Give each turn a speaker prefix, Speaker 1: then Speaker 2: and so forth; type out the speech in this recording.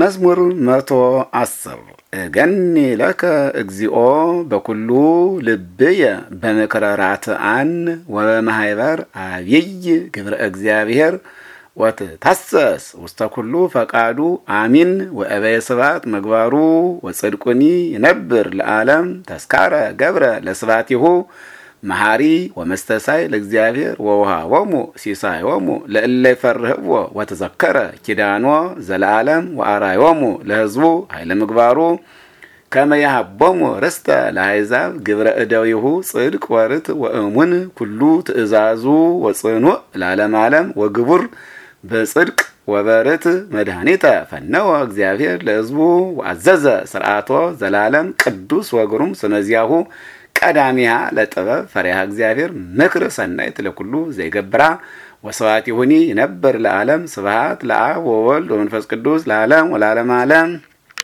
Speaker 1: መዝሙር መቶ አስር እገኒ ለከ እግዚኦ በኩሉ ልብየ በምክረ ራትዓን ወበማሃይበር አብይ ግብረ እግዚአብሔር ወትታሰስ ውስተ ኩሉ ፈቃዱ አሚን ወእበየ ስባት ምግባሩ ወጽድቁኒ ይነብር ለዓለም ተስካረ ገብረ ለስባት ይሁ መሃሪ ወመስተሳይ ለእግዚአብሔር ወውሃቦሙ ሲሳዮሙ ለእለ ይፈርህዎ ወተዘከረ ኪዳኖ ዘለዓለም ወአራዮሙ ለህዝቡ ኃይለ ምግባሩ ከመ ያሀቦሙ ርስተ ለአሕዛብ ግብረ እደዊሁ ጽድቅ ወርት ወእሙን ኩሉ ትእዛዙ ወጽኑዕ ለዓለም ዓለም ወግቡር በጽድቅ ወበርት መድኃኒተ ፈነወ እግዚአብሔር ለህዝቡ ወአዘዘ ስርዓቶ ዘላለም ቅዱስ ወግሩም ስነዚያሁ ቀዳሚያ ለጥበብ ፈሪሃ እግዚአብሔር ምክር ሰናይት ለኩሉ ዘይገብራ ወሰዋት ይሁኒ ነበር ለዓለም ስብሃት ለአብ ወወልድ ወመንፈስ ቅዱስ ለዓለም ወለዓለመ ዓለም